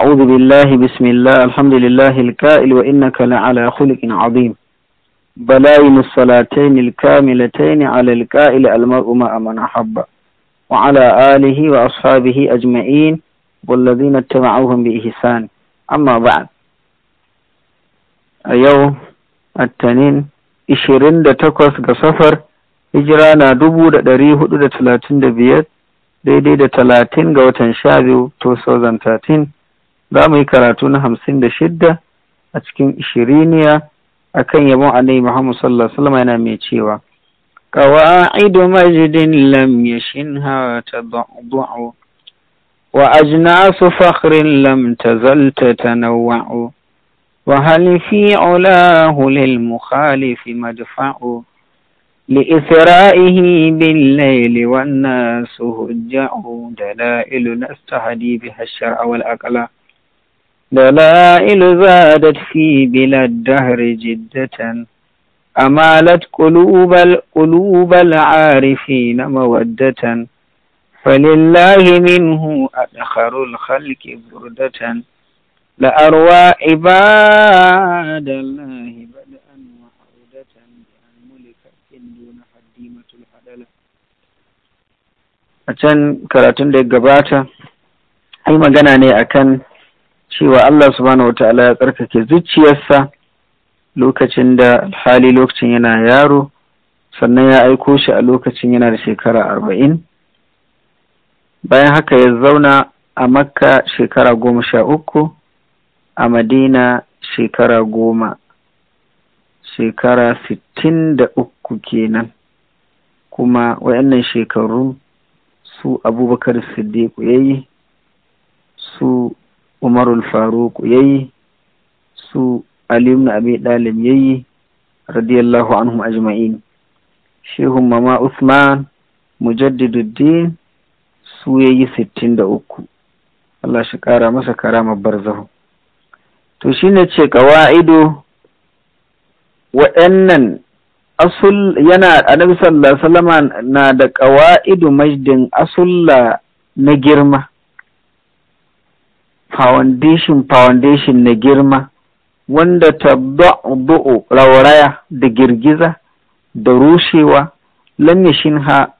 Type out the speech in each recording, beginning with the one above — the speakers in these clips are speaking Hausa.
أعوذ بالله بسم الله الحمد لله الكائل وإنك لعلى خلق عظيم بلائم الصلاتين الكاملتين على الكائل المرء ما من أحب وعلى آله وأصحابه أجمعين والذين اتبعوهم بإحسان أما بعد اليوم التنين إشرين دا سفر دا na dubu da دا hudu دا talatin دا biyar daidai da talatin ga watan sha 2013 za mu yi karatu na hamsin da shida a cikin ishiriniya a kan yabon annabi Muhammad sallallahu alaihi wasallam yana mai cewa qawa'idu majdin lam yashinha tad'u wa ajnasu fakhrin lam tazal tatanawwa'u wa hal fi 'ulahu lil mukhalifi madfa'u لإثرائه بالليل والناس هجعوا دلائل نستهدي بها الشرع والأقلام دلائل زادت في بلا الدهر جدة أمالت قلوب قلوب العارفين مودة فلله منه أدخر الخلق بردة لأروى عباد الله بدءا وعودة بأن ملكت دون حديمة الحدلة أتن كراتون دي gabata ai magana ne akan cewa Allah subhanahu wata'ala ya tsarkake zuciyarsa lokacin da hali lokacin yana yaro sannan ya aiko shi a lokacin yana da shekara arba'in bayan haka ya zauna a makka shekara goma sha uku a madina shekara goma shekara sittin da uku kenan kuma wayannan shekaru su abubakar siddiq ya yi su umarul faruk yi su ali ibn abi dalib yi radiyallahu anhum ajma'in shehun mama usman mujaddiduddin su ya yi sittin da uku Allah shi kara masa karamar barzahu to shi ne ce kawa'ido waɗannan asul yana annabi sallallahu alaihi na da ƙawa'idu majdin asulla na girma foundation foundation na girma wanda ta ba'udu'u rauraya da girgiza da rushewa shin ha.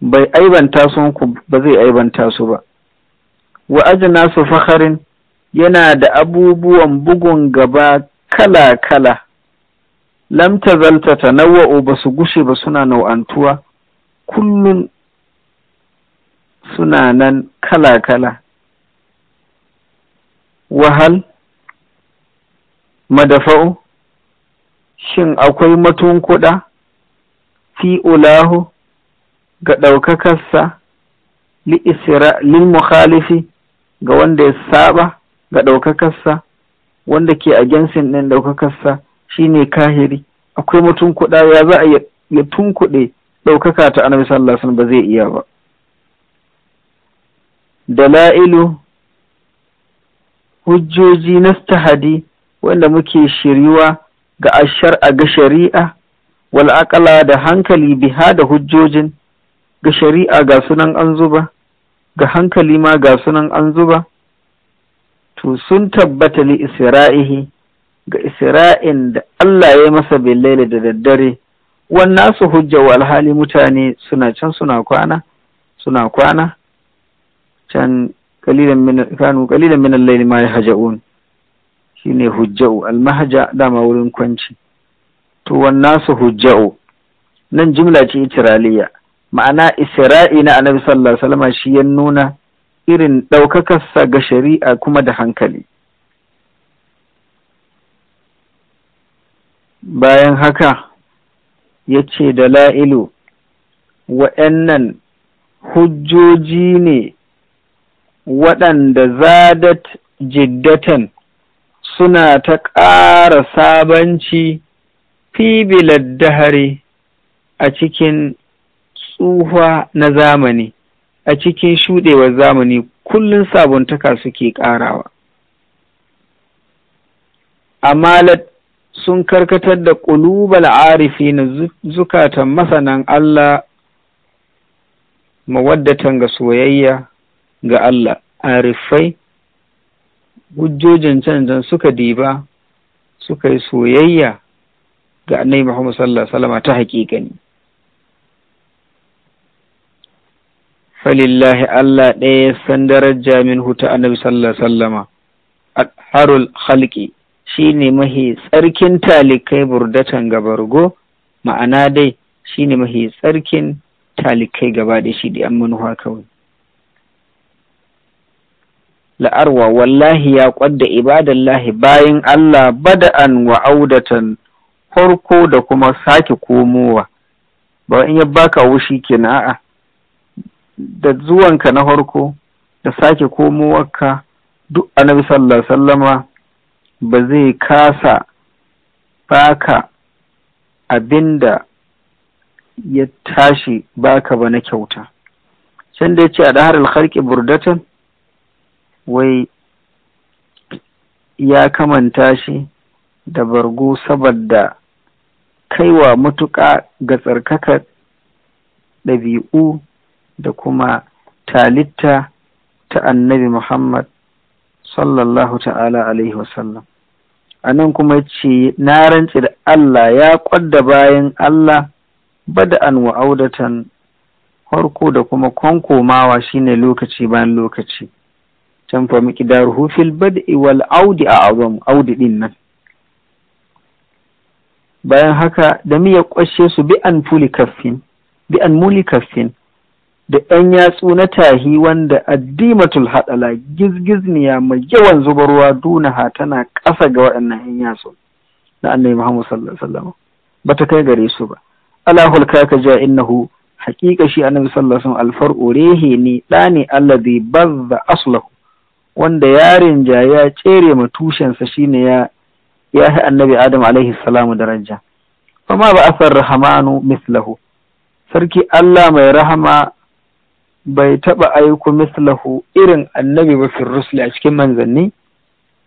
bai aibanta su ku ba zai aibanta su ba wa ajna su fakharin yana da abubuwan bugun gaba kala kala lam zalta tanawwa'u ba su gushe ba suna nau'antuwa kullun suna nan kala kala wahal madafa'u shin akwai matun kuɗa fi ulahu ga ɗaukakarsa lil mukhalifi ga wanda ya saba ga ɗaukakarsa wanda ke a gensin ɗin ɗaukakarsa shine kahiri akwai matun kuɗa ya za a ya tunkuɗe ɗaukaka ta annabi sallallahu alaihi ba zai iya ba dala'ilu hujjoji na stahadi wanda muke shiriwa ga ashar ga shari'a wal'akala da hankali biha da hujjojin ga shari'a ga sunan an zuba ga hankali ma ga sunan an zuba to sun tabbata li isra'ihi ga isra'in da Allah ya masa billaili da daddare wannan su hujja wa alhali mutane suna can suna kwana suna kwana can Kalilan min kanu kalilan min al-layli ma yahja'un shine hujja'u al-mahja dama wurin kwanci to nasu hujja'u nan jimla ce itiraliya ma'ana isra'i na annabi sallallahu alaihi wasallam shi ya nuna irin sa ga shari'a kuma da hankali bayan haka yace ce da la'ilu hujjoji ne waɗanda zadat jiddatan suna ta ƙara sabanci fibilar dahari a cikin tsufa na zamani a cikin shuɗewar zamani kullum sabuntaka suke ƙarawa amalat sun karkatar da ƙulubal arifi na zukatan masanan Allah mawaddatan ga soyayya ga Allah arifai hujjojin canjan suka diba suka yi soyayya ga annabi Muhammad sallallahu alaihi wasallam ta haƙiƙani falillahi Allah ɗaya san daraja min huta annabi sallallahu alaihi wasallama harul shi shine mahi tsarkin talikai burdatan gabargo ma'ana dai shine mahi tsarkin talikai gaba da shi da yamma manuwa kawai la'arwa wallahi ya kwadda ibadallahi bayan Allah bada'an wa audatan farko da kuma sake komowa ba in ya baka wushi kenan a'a da zuwanka na farko da sake komowarka duk annabi sallallahu sallama ba zai kasa baka abinda ya tashi baka ba na kyauta can ya ce a dahar alkharki burdatan wai ya kamanta shi da bargo saboda kaiwa matuƙa ga tsarkakar ɗabi'u da kuma talitta ta annabi Muhammad sallallahu ta'ala alaihi wasallam a nan kuma ce na rantse da Allah ya ƙwadda bayan Allah bada'an wa audatan harko da kuma kankomawa shine lokaci bayan lokaci can fa miqdaruhu fil bad'i wal audi a azam audi din nan bayan haka da miya kwashe su bi an fuli kaffin bi an muli kaffin da ɗan yatsu na tahi wanda addimatul haɗala gizgizniya mai yawan zubarwa dunaha tana ƙasa ga waɗannan ɗan yatsu na annabi Muhammad sallallahu alaihi wasallam ba ta kai gare su ba alahul kaka ja innahu haƙiƙa shi annabi sallallahu alaihi wasallam alfar urehe ne ɗane ne alladhi bazza aslahu wanda yarin ja ya tsere ma tushensa shine ya ya yi annabi adam alaihi salamu daraja Kuma ba asar rahamanu mislahu sarki allah mai rahama bai taba aiko mislahu irin annabi ba fi a cikin manzanni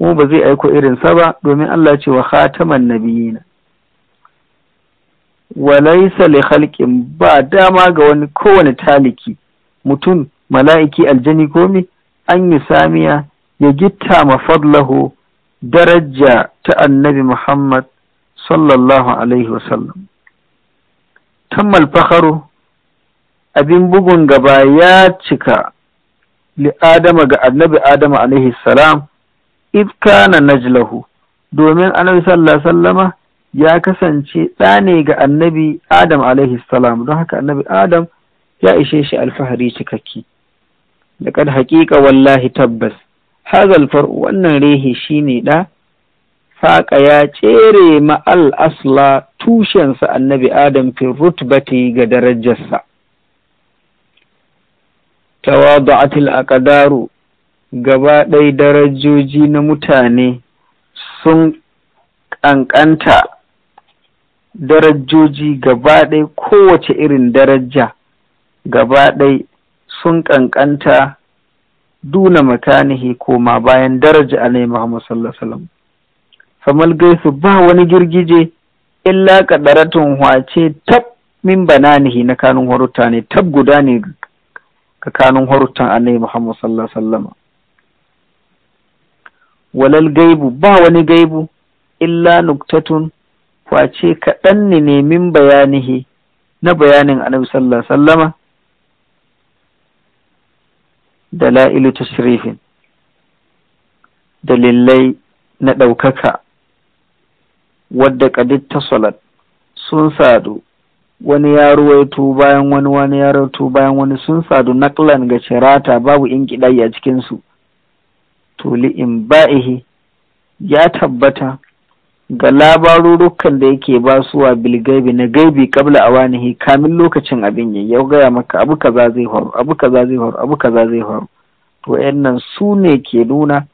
Mu ba zai aiko sa ba domin allah ce wa khataman nabiyina laysa li khalqin ba dama ga wani kowane taliki mutum mala'iki aljani komi an yi samiya ya gitta fadlahu daraja ta annabi Muhammad sallallahu Alaihi wasallam. Tammal faharu abin bugun gaba ya cika li Adama ga annabi Adama Alaihi salam na najlahu domin annabi sallallahu sallama ya kasance ɗa ga annabi Adam Alaihi salam don haka annabi Adam ya ishe shi alfahari cikakki. laqad haƙiƙa wallahi tabbas hazal far'u wannan rehe shine ɗa faƙa ya cere ma'al asla tushensa annabi adam fi rutbati ga darajarsa tawadu'atil aqdaru gaba ɗaya darajoji na mutane sun ƙanƙanta darajoji gaba kowace irin daraja gaba sun ƙanƙanta duna makanihi koma bayan daraja alai Muhammad sallallahu alaihi wasallam famal gaisu ba wani girgije illa kadaratun wace tab min bananihi na kanun harutta ne tab guda ne ga kanun haruttan annabi Muhammad sallallahu alaihi wasallam walal gaibu ba wani gaibu illa nuktatun wace kaɗan ne min bayanihi na bayanin annabi sallallahu alaihi wasallam dala'ilu tashrifin dalilai na ɗaukaka wadda ƙadid salat sun sadu wani ya ruwaito bayan wani wani ya ruwaito bayan wani sun sadu naklan ga cirata babu in a cikinsu to li'in ba'ihi ya tabbata ga labarurukan da yake ba su wa bilgaibi na gaibi kabla awanihi kamin lokacin abin ya ya gaya maka abu kaza zai faru abu kaza zai faru abu kaza zai faru to yannan su ne ke nuna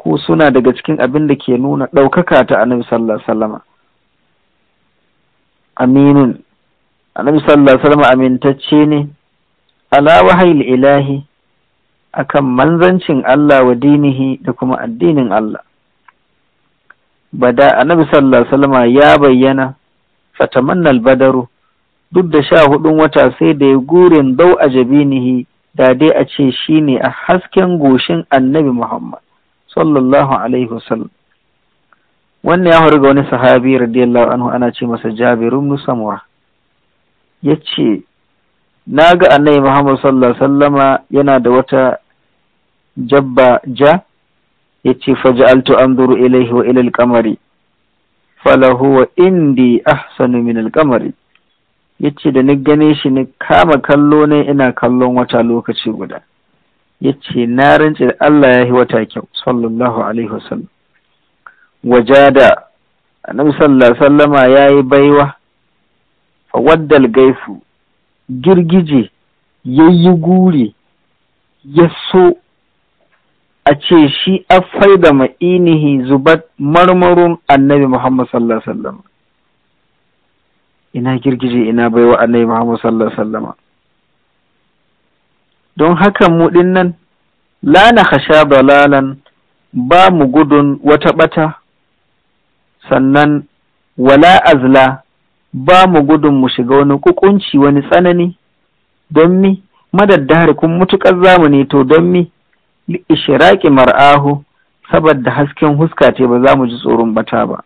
ko suna daga cikin abin da ke nuna ɗaukaka ta annabi sallallahu alaihi wasallam aminun annabi sallallahu alaihi wasallam amintacce ne ala wahayil ilahi akan manzancin Allah wa dinihi da kuma addinin Allah bada annabi sallallahu alaihi ya bayyana fatamannal badaru duk da sha hudun wata sai da ya gurin dau a jabinihi da dai a ce shine a hasken goshin annabi muhammad sallallahu alaihi wasallam wannan ya faru ga wani sahabi radiyallahu anhu ana ce masa jabiru ibn samura yace na ga annabi muhammad sallallahu alaihi yana da wata jabba ja yace an anzuru ilayhi wa ila al-qamari wa indi ahsanu min al-qamari yace da ni gane shi ni kama kallo ne ina kallon wata lokaci guda yace na rantse da Allah ya yi wata kyau sallallahu alaihi wasallam wajada annabi sallallahu alaihi wasallama yayi baiwa fa waddal gaisu girgije yayi guri ya so a ce shi afai da ma'inihi zubat marmarun annabi Muhammad sallallahu alaihi wasallam ina girgije ina baiwa annabi Muhammad sallallahu alaihi wasallam don haka mu nan, la na khasha balalan ba mu gudun wata ɓata, sannan wala azla ba mu gudun mu shiga wani kukunci wani tsanani don mi madaddari kun mutukar zamani to don mi ishiraki mar'ahu saboda hasken huska ce ba za mu ji tsoron bata ba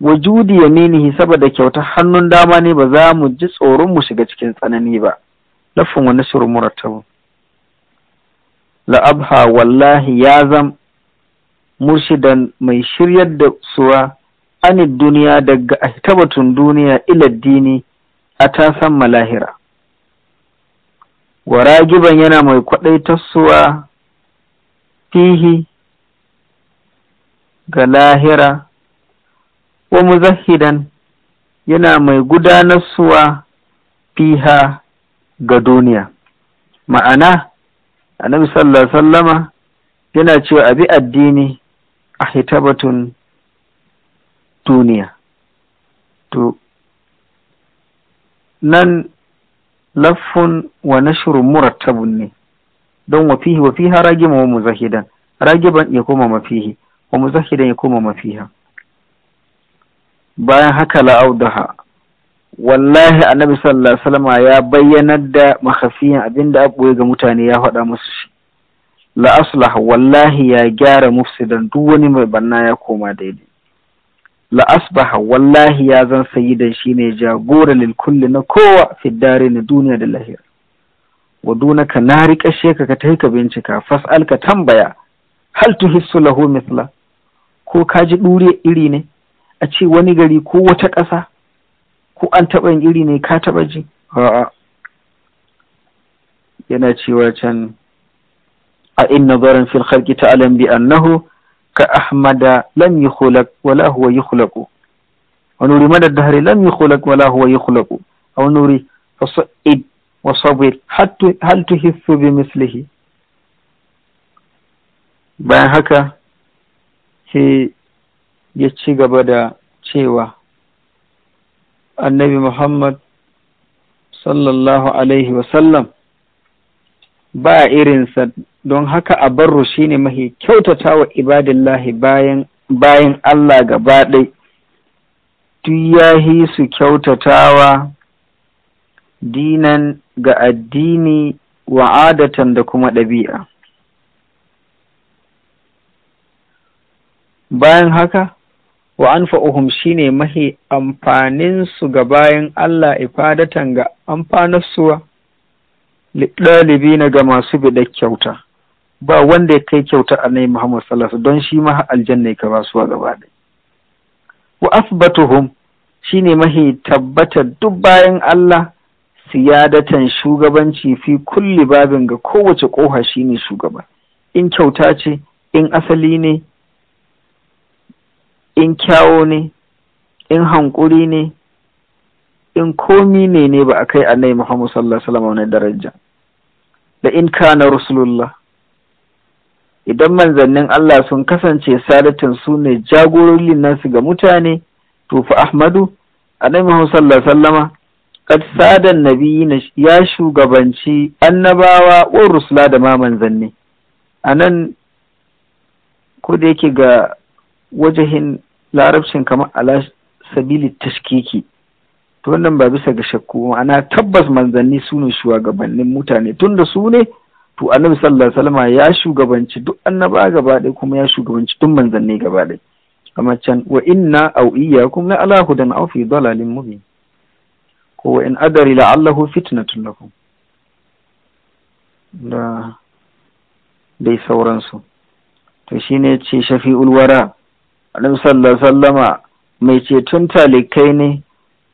wujudi yaminihi saboda kyauta hannun dama ne ba za mu ji tsoron mu shiga cikin tsanani ba lafin wani shirin murattabu la'abha wallahi ya zam murshidan mai shiryar da suwa anid duniya daga ahitabatun duniya ila dini a tasan malahira wa ragiban yana mai tasuwa. fihi ga lahira wa muzahidan yana mai gudanarsuwa fiha ga duniya ma'ana annabi sallallahu sallama yana cewa abi addini a hitabatun duniya to nan laffun wa nashirun murattabun ne don wafihi fiha ragiban wa muzahidan ragiban ya koma mafihi wa muzahidan ya koma mafiha bayan haka la'audaha wallahi annabi sallallahu alaihi ya bayyanar da mahafiyan abinda abuwa ga mutane ya faɗa musu shi la wallahi ya gyara mufsidan duk wani mai banna ya koma daidai la asbaha wallahi ya zan sayi sayidan shine jagora lil kulli na kowa fi dare na duniya da lahira wa ka na riƙashe ka ka tafi ka bincika fas'al ka tambaya hal tuhissu lahu misla ko ka ji ɗure iri ne a ce wani gari ko wata ƙasa ko an taɓa iri ne ka taɓa ji a'a yana cewa can a in nazarin fil ta ta'lam bi annahu ka ahmada lam yukhlaq wala huwa yukhlaqu wa nuri madad dahri lam yukhlaq wala huwa yukhlaqu aw nuri fasa'id wasabir hal tuhissu bi mislihi bayan haka sai ya ci gaba da cewa annabi muhammad sallallahu alaihi wasallam ba irinsa don haka a barru ne mahi kyautata wa ibadillahi bayan bayan Allah gaba ɗai duk ya su kyautatawa dinan ga addini wa adatan da kuma ɗabi'a bayan haka wa an fa'uhum shi ne mahi amfaninsu ga bayan Allah ifadatan ga amfanarsuwa ɗalibi na ga masu biɗa kyauta ba wanda ya kai kyauta a nai Muhammad Salasu, don shi maha aljanna ya ba suwa gaba da. wa asbatuhum shi ne mahi tabbatar duk bayan Allah siyadatan shugabanci fi kulli babin ga kowace ƙofa shine shugaba in kyauta ce in asali ne in kyawo ne in hankuri ne in komi ne ne ba a kai annai muhammadu sallallahu alaihi wasallam daraja da in kana rasulullah idan manzannin Allah sun kasance sadatan su ne jagororin nasu ga mutane to fa ahmadu annai muhammad sallallahu alaihi kad sadan nabiyina ya shugabanci annabawa wa rusula da ma manzanni anan ko da yake ga wajahin larabcin kamar ala sabili tashkiki to wannan ba bisa ga shakku ma'ana tabbas manzanni su ne shugabannin mutane tunda su ne to annabi sallallahu alaihi wasallam ya shugabanci duk annaba gaba ɗaya kuma ya shugabanci duk manzanni gaba ɗaya kamar can wa inna au iyyakum la ala hudan aw fi dalalin mubin ko wa in adari la'allahu fitnatun lakum da dai sauransu to shi ne ce shafi'ul wara annabi sallallahu sallama mai ceton talikai ne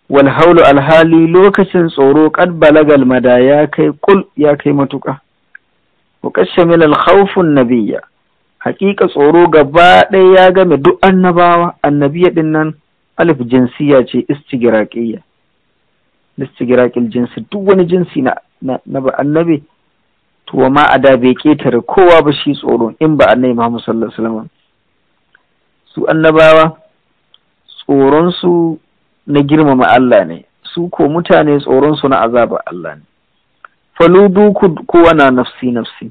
wal alhali lokacin tsoro kad balagal mada ya kai kul ya kai matuka wa qad shamila al nabiyya tsoro gaba ɗaya ya game duk annabawa annabiya ɗin nan alif jinsiya ce istigiraƙiyya listigirakil jinsi duk wani jinsi na na ba annabi to wa ma ada bai ketare kowa ba shi tsoro in ba annabi Muhammad sallallahu alaihi wasallam su annabawa tsoron su na girmama Allah ne su ko mutane tsoron su na azaba Allah ne faludu ku kowa na nafsi nafsi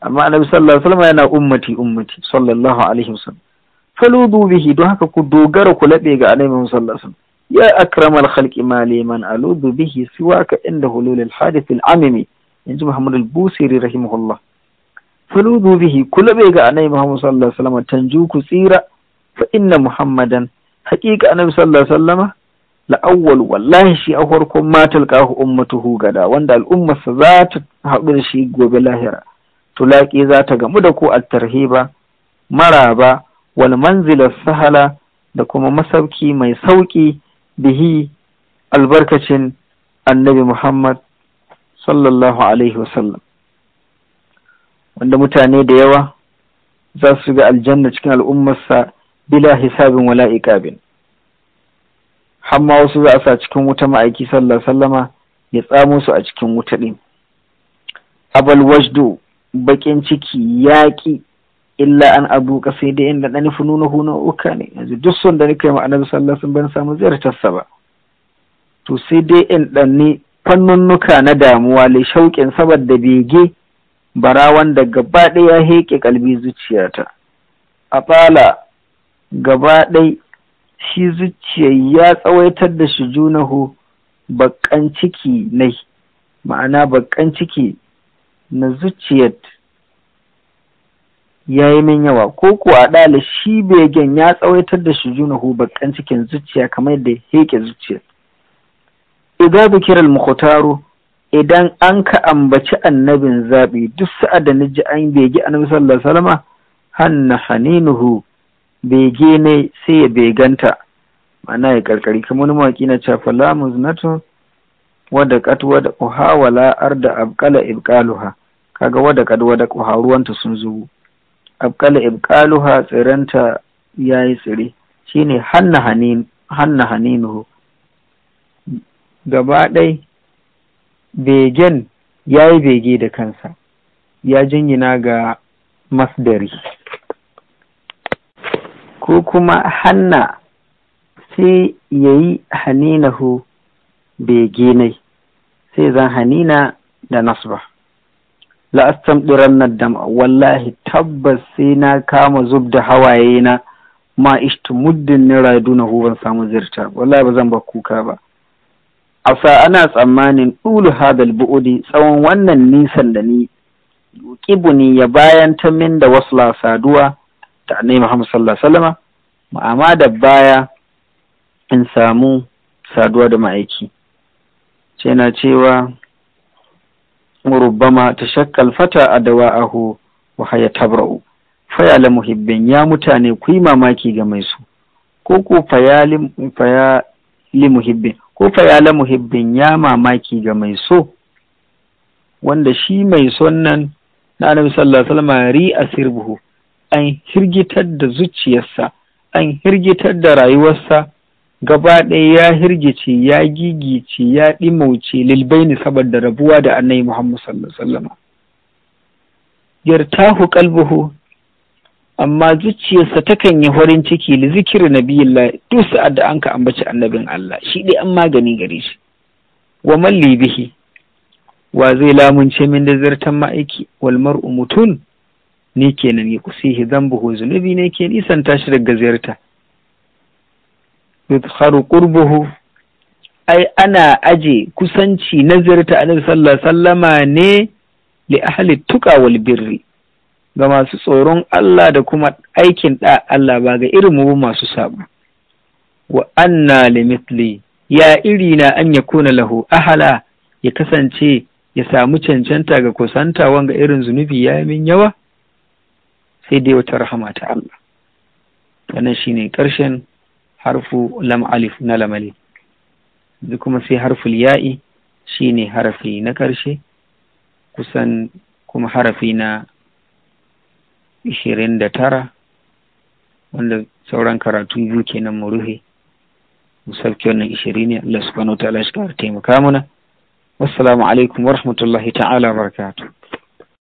amma annabi sallallahu alaihi wasallam yana ummati ummati sallallahu alaihi wasallam faludu bihi don haka ku dogara ku labe ga annabi sallallahu alaihi wasallam يا akramar الخلق ما لي من ألوذ به سواك عند هلول الحادث العممي إنج محمد البوسيري رحمه الله فلوذ به كل بيغا أني محمد صلى الله عليه وسلم تنجوك سيرا فإن محمدا حقيقة النبي صلى الله عليه وسلم la'awwal wallahi shi a farkon matal kahu ummatuhu gada wanda al'ummarsa za ta haɗu da shi gobe lahira tulaƙi za ta gamu da ko attarhiba maraba wal manzila sahala da kuma masauki mai sauƙi bihi albarkacin annabi Muhammad sallallahu Alaihi wasallam wanda mutane da yawa za su ga aljanna cikin al'ummarsa bila hisabin wala iqabin hamma wasu za a sa cikin wuta ma'aiki sallallahu sallama ya tsamo su a cikin wuta ɗin abal wajdu baƙin ciki yaƙi illa an ka sai dai inda dani nuna na uka ne yanzu duk son da ni ma ma'anar sallah sun ban samu ziyartarsa ba to sai dai in fannin fannunnuka na damuwa le shauƙin saboda bege barawan da gaba ɗaya ya heƙe kalbi zuciyata a fala gaba ɗai shi zuciyar ya tsawaitar da shi junahu baƙan ciki nai ma'ana baƙan ciki na zuciyar ya yi min yawa ko ko a ɗala shi begen ya tsawaitar da shi hu bakan cikin zuciya kamar da heke zuciya idan bikiral mukhtaru idan an ka ambaci annabin zaɓi duk sa'ad da ji an begi annabi sallallahu alaihi hanna haninuhu bege ne sai ya beganta ma'ana ya karkari kamar wani mawaƙi na cewa fala muznatu wadda qat wadda quha arda abqala ibqaluha kaga wadda qad wadda quha sun zubo abkala ibkaluha tsiranta ya yi tsire shine hanna haninuhu gaba dai begen ya bege da kansa ya jingina ga masdari ko kuma hanna sai yayi yi haninahu nai, sai zan hanina da nasba la astamdiran nadam wallahi tabbas sai na kama zub da hawaye na ma ishtu muddin ni raduna hu ban samu zirta wallahi ba zan ba kuka ba asa ana tsammanin dulu hadal bu'udi tsawon wannan nisan da ni kibuni ya bayan ta min da wasla saduwa ta annabi Muhammad sallallahu alaihi wasallama amma da baya in samu saduwa da ma'aiki cewa وربما تشكى الفتى أدواءه وهي تبرأ fayala muhibbin ya mutane ku yi mamaki ga mai su ko fa fayali muhibbin muhibbin ya mamaki ga mai so wanda shi mai son nan na annabi sallallahu alaihi wasallam ri asirbuhu an hirgitar da zuciyarsa an hirgitar da rayuwarsa gaba ɗaya ya hirgice ya gigice ya ɗimauce lilbaini saboda rabuwa da annabi muhammad sallallahu alaihi yartahu qalbuhu amma zuciyarsa takan yi farin ciki li biyun nabiyillah duk sa'ad da an ka ambaci annabin Allah shi dai an magani gare shi wa malli bihi wa zai lamunce min da zartan ma'aiki wal mar'u mutun ni kenan ya kusihi dhanbuhu zunubi ne ke nisan tashi daga ziyarta yudkharu qurbuhu ai ana aje kusanci nazirta annabi sallallahu sallama ne li ahli tuqa wal birri ga masu tsoron Allah da kuma aikin da Allah ba ga irin mu masu saba. wa anna limitli ya iri na an yakuna lahu ahala ya kasance ya samu cancanta ga kusanta wanga irin zunubi ya min yawa sai dai wata rahama ta Allah wannan shine karshen harfu lam alif na lamali duk kuma sai harful ya'i shine harafi na karshe kusan kuma harafi na ishirin da tara wanda sauran karatu biyu kenan mu ruhe mu sauke wannan ishirin ne Allah subhanahu wa ta'ala shi taimaka mana wassalamu alaikum wa rahmatullahi ta'ala barakatuh